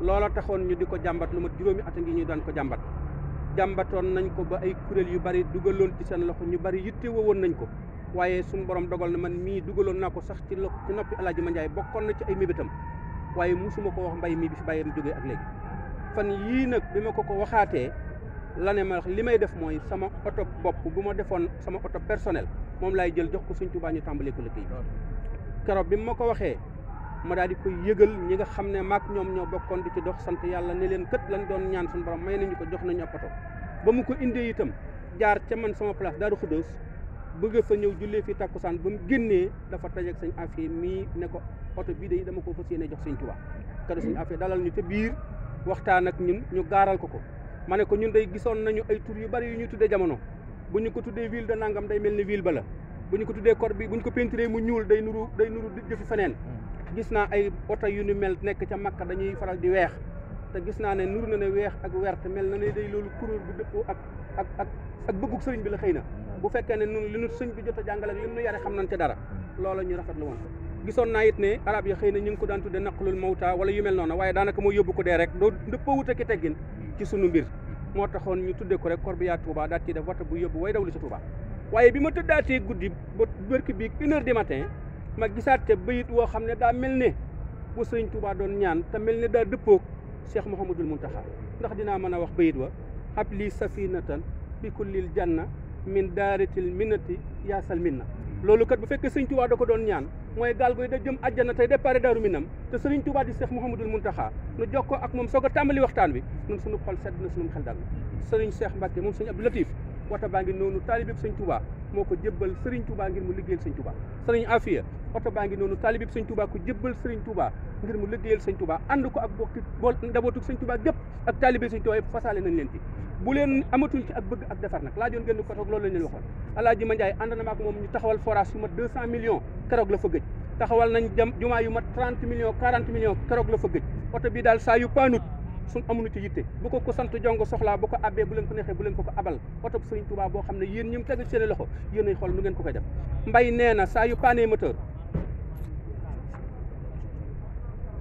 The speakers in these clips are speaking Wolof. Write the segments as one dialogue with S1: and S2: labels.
S1: loola taxoon ñu di ko jàmbat lu mat juróomi at ngi ñu daan ko jàmbat jàmbatoon nañ ko ba ay kuréel yu bari dugaloon ci seen loxo ñu bari yitte woon nañ ko waaye suñu borom dogal na man mii dugaloon naa ko sax ci lo ci noppi ma njaay bokkoon na ci ay mébétam waaye musuma ko wax mbay mi bi fi bàyyam jógee ak léegi fan yii nag bi ma ko ko waxaatee la ne ma li may def mooy sama oto bopp bu ma defoon sama oto personnel moom laay jël jox ko Sëñ Tuubaa ñu tàmbalee ko liggéey keroog bi ma ko waxee ma daal di koy yëgal ñi nga xam ne maag ñoom ñoo bokkoon di ci dox sant yàlla ne leen kët lañ doon ñaan suñu borom may nañu ko jox nañu oto ba mu ko indee itam jaar ca man sama place Daaru Xuddoos bëgg sa ñëw jullee fii tàkkusaan ba mu génnee dafa tajeeg sëñ Afee mii ne ko oto bii de dama ko fas yéene jox sëñ Tuubaa kado sëñ Afee dalal ñu te biir waxtaan ak ñun ñu gaaral ko ko ma ne ko ñun day gisoon nañu ay tur yu bari yu ñu tuddee jamono bu ñu ko tuddee ville de nangam day mel ni ville ba bu ñu ko tuddee kor bi bu ko peinturé mu ñuul day nuru day nuru jëfi feneen gis naa ay oto yu ni mel nekk ca makka dañuy faral di weex te gis naa ne nuru na ne weex ak wert mel na ne day loolu couleur bu dëppoo ak ak ak ak bëggug sëriñ bi la xëy na hmm. bu fekkee ne nun lu nu sëñ bi jot a jàngal ak li nu yare xam nañ ca dara hmm. loola ñu rafetlu woon gisoon naa it ne arab ya xëy na ñu ngi ko daan tudde naqlul mawta wala yu mel noonu waaye daanaka moo yóbbu ko dee rek doo dëppoo wut ak teggin ci sunu mbir moo taxoon ñu tudde ko rek Corbillard Touba daal ciy def wata bu yóbbu way daw li si bi ma tëddaatee guddi ba bërki bii une heure du matin ma gisaat te bayit woo xam ne daa mel ne bu sëriñ Touba doon ñaan te mel ne daa dëppoog Cheikh Mouhamadul Muntaxa ndax dinaa mën a wax bayit wa ab lii safinatan bi kullil janna min daaritil minnati yaasal minna loolu kat bu fekkee sëriñ Touba da ko doon ñaan mooy gaal goy da jëm àjjana tey déparé daaru minam te sëriñ Touba di Cheikh Mouhamadul Muntaxa nu jokkoo ak moom soog a tàmbali waxtaan bi ñun suñu xol sedd na suñu xel dal na sëriñ moom sëriñ Abdou baa ngi noonu taalibe bi sëriñ moo ko jëbbal Serigne Touba ngir mu liggéeyal Serigne Touba Serigne Afia oto baa ngi noonu taalib yëpp Serigne Touba ko jëbbal Serigne Touba ngir mu liggéeyal Serigne Touba ànd ko ak bokki bool njabootug Serigne Touba gépp ak taalibe Serigne Touba yëpp fasaale nañ leen ci bu leen amatuñ ci ak bëgg ak defar nag laajoon ngeen ko toog loolu la ñu waxoon Alaaji Mandiaye ànd na maak moom ñu taxawal forage yu mat deux cent millions keroog la fa gëj taxawal nañ jam jumaa yu mat suñ amuñu ci yitte bu ko ko sant jongo soxlaa bu ko abbee bu leen ko neexee bu leen ko ko abal oto Sëriñ Tuubaa boo xam ne yéen ñu mu teg seen loxo yéenay xool nu ngeen ko koy def mbay nee na saa yu paanee moteur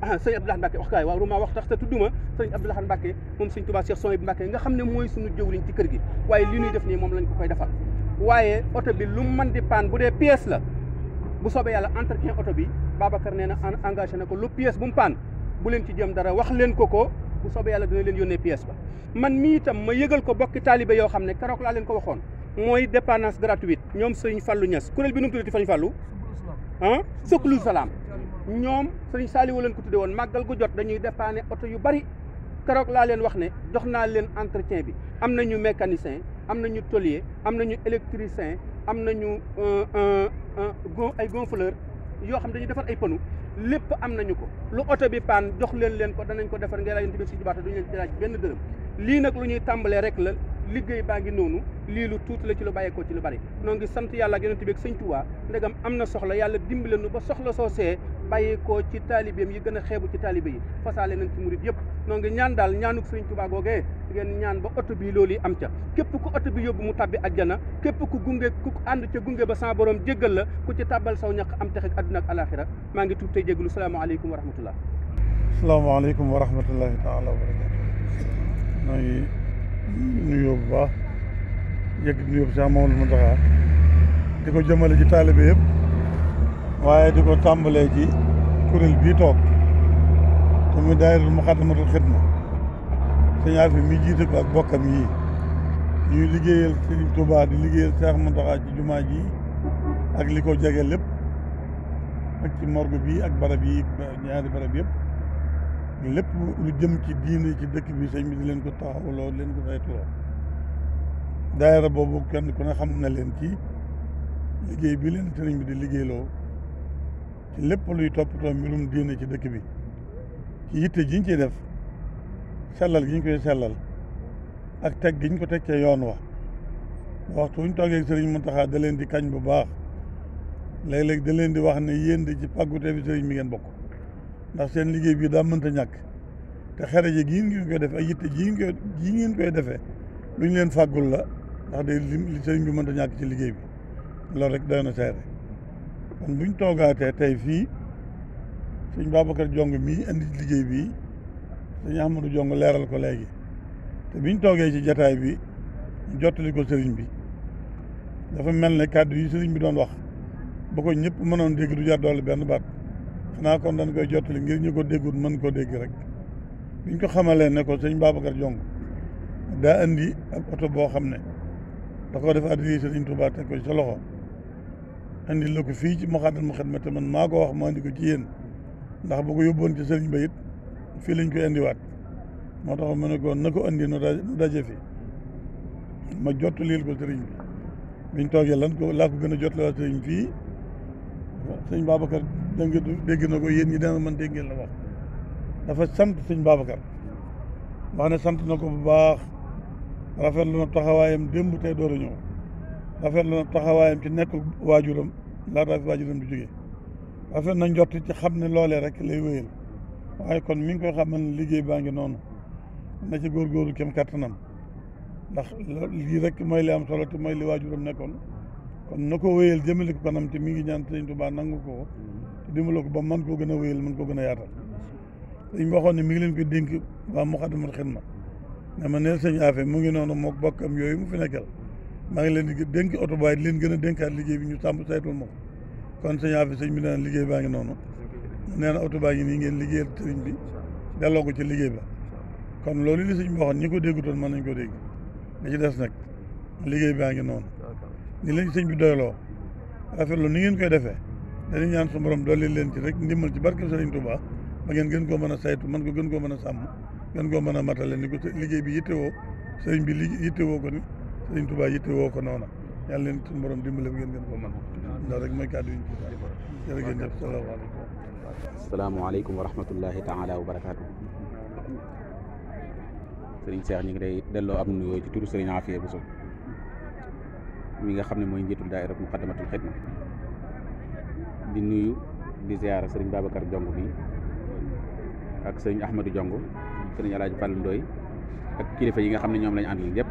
S1: ah sëñ Abdoulaye Mbacke wax kaay waaw ruma wax tax te tudduma sëñ Abdoulaye Mbacke moom sëñ Tuubaa Cheikh Sohaïbou Mbacke nga xam ne mooy suñu liñ ci kër gi waaye li ñuy def nii moom lañ ko koy defal waaye oto bi lu mën di paan bu dee pièce la bu soobee yàlla entretien oto bi Babacar nee na engagé na ko lu pièce bu mu paan bu leen ci jëm dara wax leen ko ko bu soobee yàlla dina leen yónnee pièce ba man mi itam ma yëgal ko bokki taalibe yoo xam ne keroog laa leen ko waxoon mooy dépendance gratuit ñoom sëñ Fallou Niass kuréel bi nu mu tuddati sëñ Fallou ah Sëkkulu Salaam ñoom sëñ Saliou leen ko tudde woon màggal gu jot dañuy dépanner oto yu bari keroog laa leen wax ne jox naa leen entretien bi am nañu mécanicien am nañu tôlier am na nañu électricien am nañu euh, euh, euh, ay gonfleur yoo xam dañuy defar ay panu lépp am nañu ko lu oto bi paan jox leen leen ko danañ ko defar ngay laa yonte bi si jubaata duñu leen ci benn dërëm lii nag lu ñuy tàmbalee rek la liggéey baa ngi noonu lii lu tuuti la ci lu bàyyeekoo ci lu bari noo ngi sant yàlla ak yonente bi ak sëñ Tuubaa ndegam am na soxla yàlla dimbale nu ba soxla soo see bàyyi ko ci taalibeem yi gën a xeebu ci taalibe yi fasaale nañ ci murit yëpp noo ngi ñaan daal ñaanuk Sëriñ Tuubaa googee ngeen ñaan ba oto bi loolu yi am ca képp ku oto bi yóbbu mu ak jana képp ku gunge ku ànd ca gunge ba sa borom jéggal la ku ci tàbbal saw ñaq am texek àdduna ak alaxira maa ngi tuub tey jéggalu salaamaaleykum wa rahmatullah
S2: salaamaaleykum wa rahmatullahi taala wa barakatu maa ngi nuyoo bu baax ko jëmale ci taalibe yëpp waaye di ko tàmbalee ji kuréel bii toog te muy daayiratul Muxaddamatul Xidma sëñ Afi mi jiite ko ak bokkam yi ñuy liggéeyal Sëriñ Tuubaa di liggéeyal Seex Muntaxaa jumaa ji ak li ko jege lépp ak ci morgo bii ak barab yi ñaari barab yëpp lépp lu jëm ci diine ci dëkk bi sëñ bi di leen ko taxawloo leen ko saytuloo daayira boobu kenn ku ne xam na leen ci liggéey bi leen sëriñ bi di liggéeyloo lépp luy toppatoo mu diine ci dëkk bi ci yitte jiñ ñu ciy def sellal gi koy sellal ak teg giñ ko teg ca yoon wax waxtu wuñ toogee sëriñ Muntaxa da leen di kañ bu baax léeg-léeg da leen di wax ne yéen di ci pàggute bi sëriñ mi ngeen bokk ndax seen liggéey bi daa mënta ñàkk te xere gii gi koy def ak yitte jii jii ngeen koy defee lu ñu leen fàggul la ndax day li sëriñ bi mënta ñàkk ci liggéey bi loolu rek doy na seere kon buñ toogaatee tey fii sëñ Babacar Jong mii indi liggéey bii sëñ Ahmadou Jong leeral ko léegi te biñ toogee ci jataay bi ñu jottali ko sëriñ bi dafa mel ne kàddu yi sëriñ bi doon wax ba ko ñëpp mënoon dégg du jar dolli benn baat xanaa kon dañ koy jottali ngir ñu ko déggul mën koo dégg rek biñ ko xamalee ne ko sëñ Babacar Jong daa indi ab oto boo xam ne da ko def addi sëriñ Tuubaa teg ko sa loxo andi la ko fii ci Moukhaddamatoul ma te man maa ko wax ma andi ko ci yéen ndax bu ko yóbboon ci sëriñ ba it fii lañ koy andiwaat moo tax ma ne ko na ko andi nu daje fi ma jot liil ko sëriñ bi biñ toogee lan ko laa ko gën a jot la sëriñ fii sëñ Babacar danga dégg na ko yéen yi dana man dégg ngeen la wax dafa sant sëñ Babacar wax ne sant na ko bu baax rafetlu na taxawaayam démb tey door a ñëw rafet la taxawaayam ci nekk waajuram laata fi waajuram di jógee rafet na njort ci xam ne loolee rek lay wéyal waaye kon mi ngi koy xamal liggéey baa ngi noonu na ci góorgóorlu kem kàttanam ndax lii rek mooy li am solo te mooy li waajuram nekkoon na ko wéyal jëmale ko kanam te mi ngi ñaan Sëriñ Tuubaa nangu ko te dimbale ko ba man koo gën a wéyal man ko gën a yaatal dañ waxoon ne mi ngi leen koy dénk waa Muxaddamatul Xidma na ma ne sëñ Afe mu ngi noonu mook bokkam yooyu mu fi nekkal maa ngi leen di dénk oto baay di leen gën a dénkaat liggéey bi ñu tàmb saytul ma ko kon sëñ Afia sëñ bi naan liggéey baa ngi noonu nee na oto baa ngi nii ngeen liggéeyal sëriñ bi delloo ko ci liggéey ba kon loolu li sëñ bi waxoon ñi ko déggutoon mën nañ ko dégg da ci des liggéey baa ngi noonu ni leen sëñ bi doyloo rafetlu ni ngeen koy defee dañuy ñaan su borom dolli leen ci rek ndimbal ci barke sëriñ Touba ba ngeen gën koo mën a saytu man ko gën koo mën a sàmm gën koo mën a matale ni ko liggéey bi yittewoo sëriñ bi li yittewoo ko ni sëriñ Tuubaa yitte woo ko noona yàlla leen suñu borom dimbale ngeen gën ko man salaamaaleykum
S3: asalaamaaleykum wa ñu ngi lay delloo am nuyoo ci turu sëriñ Afia Bousso mi nga xam ne mooy njiitul daayira Muqaddamatul Xidma di nuyu di ziyaara sëriñ Babacar Jong bi ak sëriñ Ahmadou Jong yi nga xam ne ñoom lañu àndal yëpp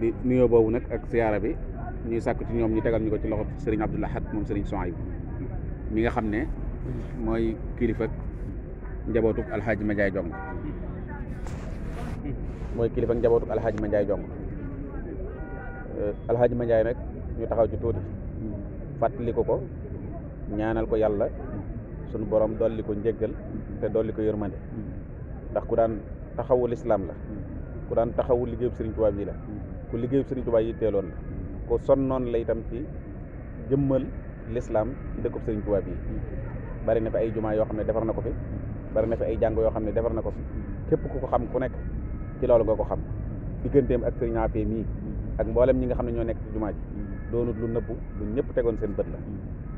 S3: di nuyoo boobu nag ak siyaara bi ñuy sàkk ci ñoom ñu tegal ñu ko ci loxo Serigne Abdoul Ahad moom Serigne Souhaïb mi nga xam ne mooy kilifa njabootuk Alxaaji Mandiaye Diong kilifa njabootuk Alxaaji Mandiaye Diong Alxaaji Mandiaye nag ñu taxaw ci tuuti fàttaliku ko ñaanal ko yàlla sunu borom dolli ko njéggal te dolli ko yërmande ndax ku daan taxawu lislaam la ku daan taxawu liggéeyub Sëriñ Tuubaa bi la ku liggéeyub Sëriñ Tuubaa yi teeloon la ku sonnoon la itam ci jëmmal lislaam ci dëkkub Sëriñ Tuubaa bi bari na fi ay jumaa yoo xam ne defar na ko fi bari na fi ay jàng yoo xam ne defar na ko fi képp ku ko xam ku nekk ci loolu nga ko xam digganteem ak Sëriñ Afee mii ak mboolem ñi nga xam ne ñoo nekk ci jumaa ji doonut lu nëbbu lu ñëpp tegoon seen bët la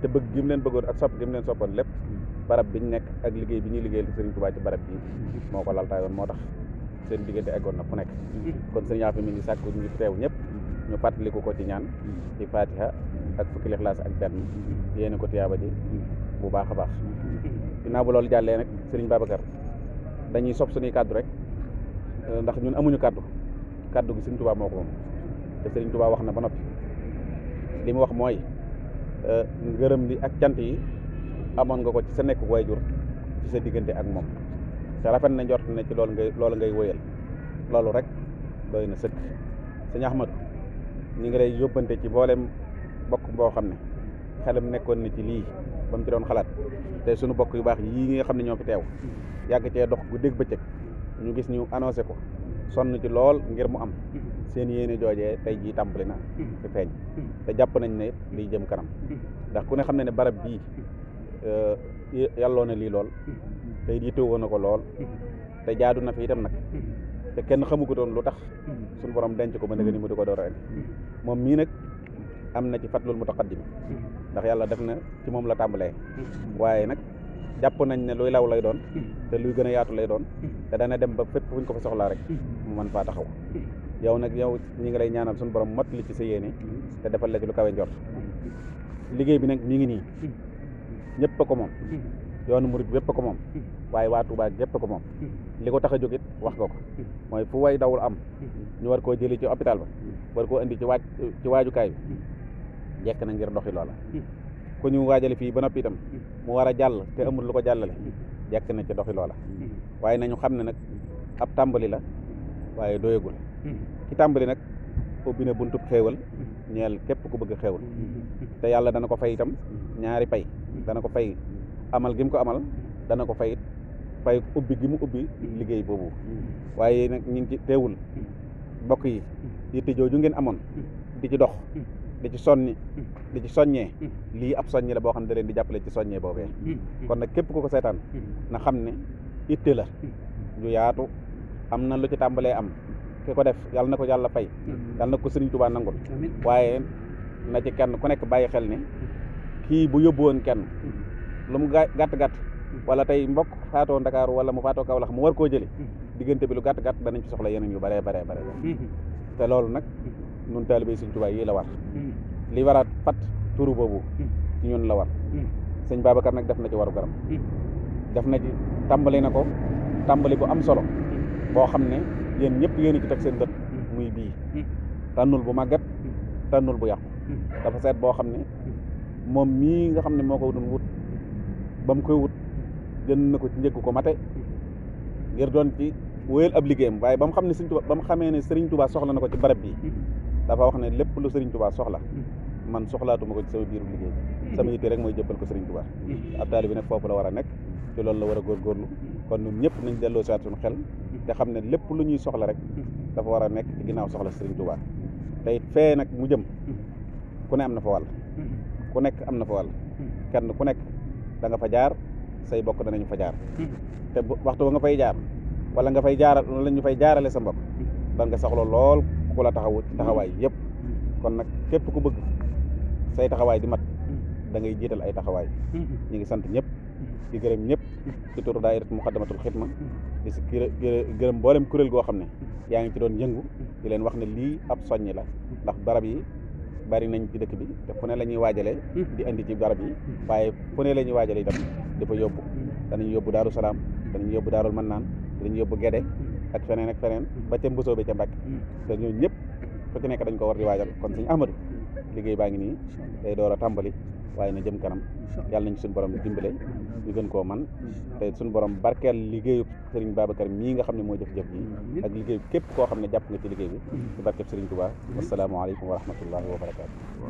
S3: te bëgg gi mu leen bëggoon ak sopp gi mu leen soppoon lépp barab biñ nekk ak liggéey bi ñu liggéeyal Serigne Touba ci barab bii moo ko laltaayoon moo tax seen diggante eggoon na fu nekk kon Serigne mi ngi sàkku ñu teew ñëpp ñu fàttaliku ko ci ñaan ci fatiha ak fukki lixlaas ak benn yéene ko tiyaaba ji bu baax a baax ginnaaw bu loolu jàllee nag Serigne Babacar dañuy sob suñuy kàddu rek euh, ndax ñun amuñu kàddu kàddu gi Serigne Touba moo ko moom te Serigne Touba wax na ba noppi li mu wax mooy euh, gërëm li ak cant yi amoon nga ko ci sa nekk waajur ci sa diggante ak moom te rafet na njort na ci loolu ngay loolu ngay wëyal loolu rek doy na sëkk sëñ Ahmadu ñu ngi lay yóbbante ci mboolem bokk boo xam ne xelam nekkoon na ci lii ba mu ci doon xalaat te sunu bokk yu baax yii nga xam ne ñoo fi teew yàgg cee dox bu dégg bëccëg ñu gis ñu annoncé ko sonn ci lool ngir mu am seen yéene joojee tey jii tàmbali na feeñ te jàpp nañ ne lii jëm kanam ndax ku ne xam ne ne barab bii Euh, yàlloo na lii lool te it yittewoo na ko lool te jaadu na fi itam nag te kenn xamu ko doon lu tax suñ borom denc ko ba nga ni mu di ko door a indi moom mii nag am na ci fat mu tax fatlul mutaqaddim ndax yàlla def na ci moom la tàmbalee waaye nag jàpp nañ ne luy law lay doon te luy gën a yaatu lay doon te dana dem ba fépp fuñ ko fa soxlaa rek mu mën faa taxaw yow nag yow ñi ngi lay ñaanal suñu borom mot li ci sa yéene te defal la ci lu kawe njort liggéey ñépp a ko moom hmm. yoonu murit yëpp ko moom hmm. waaye waa Touba yëpp ko moom hmm. li ko tax a jóg wax nga ko mooy fu way dawul am ñu war koo jëli ci hôpital ba war koo indi ci waaj ci waajukaay bi jekk na ngir doxi loola ku ñu waajale fii ba noppi itam mu war a jàll te amul lu ko jàllale jekk na ci doxi loola waaye nañu xam ne nag ab tàmbali la waaye doyagul ci tàmbali nag ubbi na buntub xéewal ñeel képp ku bëgg xéewal te yàlla dana ko fay itam ñaari pay dana ko fay amal gi ko amal dana ko fay fay ubbi gi mu ubbi mm. liggéey boobu mm. waaye nag ñu ngi ci teewul mm. mbokk yi yitte jooju ngeen amoon di ci dox di ci sonni di ci soññee lii ab soññe la boo xam ne da leen di jàppale ci soññee boobe kon nag képp ku ko seetaan na xam ne itte la ju yaatu am na lu ci tàmbalee am ke ko def yàlla na ko yàlla fay yàlla na ko sëriñ Tuubaa nangul waaye na ci kenn ku nekk bàyyi xel ne kii bu yóbbu woon kenn lu mu gàtt-gàtt wala tey mbokk faatoo Ndakaaru wala mu faatoo Kawlax mu war koo jëli diggante bi lu gàtt-gàtt danañ ci soxla yeneen yu bare bare bare te loolu nag nun taalibe Sëñ Tuubaa yi la war li waraat fat turu boobu ci ñun la war sëñ Babacar nag def na ci waru garam def na ci tàmbali na ko tàmbali bu am solo boo xam ne yéen ñëpp yéen ci teg seen bët muy bii tànnul bu màggat tànnul bu yàqu dafa seet boo xam moom mii nga xam ne moo ko doon wut ba mu koy wut jënd na ko ci njëgg ko mate ngir doon ci wéyal ab liggéeyam waaye ba mu xam ne sëriñ Tuubaa ba mu xamee ne sëriñ Tuubaa soxla na ko ci barab bi dafa wax ne lépp lu sëriñ Tuubaa soxla man soxlaatuma ko ci sama biiru liggéey sama yitte rek mooy jëppal ko sëriñ Tuubaa ab taalibe bi nag foofu la war a nekk ci loolu la war a góor góorgóorlu kon ñun ñëpp nañ delloo siwaat suñu xel te xam ne lépp lu ñuy soxla rek dafa war a nekk ci ginnaaw soxla sëriñ Tuubaa te it nag mu jëm ku ne am na fa wàll ku nekk am na fa wàll hmm. kenn ku nekk danga fa jaar say bokk danañ fa jaar hmm. te waxtu ba nga fay jaar wala nga fay jaaral ñu fay jaarale sa mbokk hmm. da nga soxla lool ku la ci taxawaay yëpp kon nag képp ku bëgg say taxawaay di mat da ngay jiital ay taxawaay ñu ngi sant ñëpp di gërëm ñëpp ci turu daayirat muqaddamatul xidma di si gërëm mboolem kuréel goo xam ne yaa ngi ci doon yëngu di leen wax ne lii ab soññi la ndax barab yi bari nañ ci dëkk bi te fu ne la ñuy waajale hmm. di indi ci garab yi hmm. waaye fu ne la ñuy waajale itam dafa yóbbu hmm. danañ yóbbu daaru salaam danañ yóbbu daarul mannaan danañ yóbbu gede ak feneen ak feneen ba ca mbusoo bi ca mbàkk te ñoo ñëpp fu nekk dañ ko war di waajal kon sëñ Ahmadou liggéey baa ngi nii day door a tàmbali waaye na jëm kanam yàlla nañu suñu borom dimbale ñu gën koo man te suñu borom barkeel liggéeyu Serigne Babacar mii nga xam ne moo def jëf ji
S2: ak liggéey képp koo xam ne jàpp nga ci liggéey bi ci barkeb Serigne Touba wasalaamaaleykum wa rahmatullahi wa barakaatu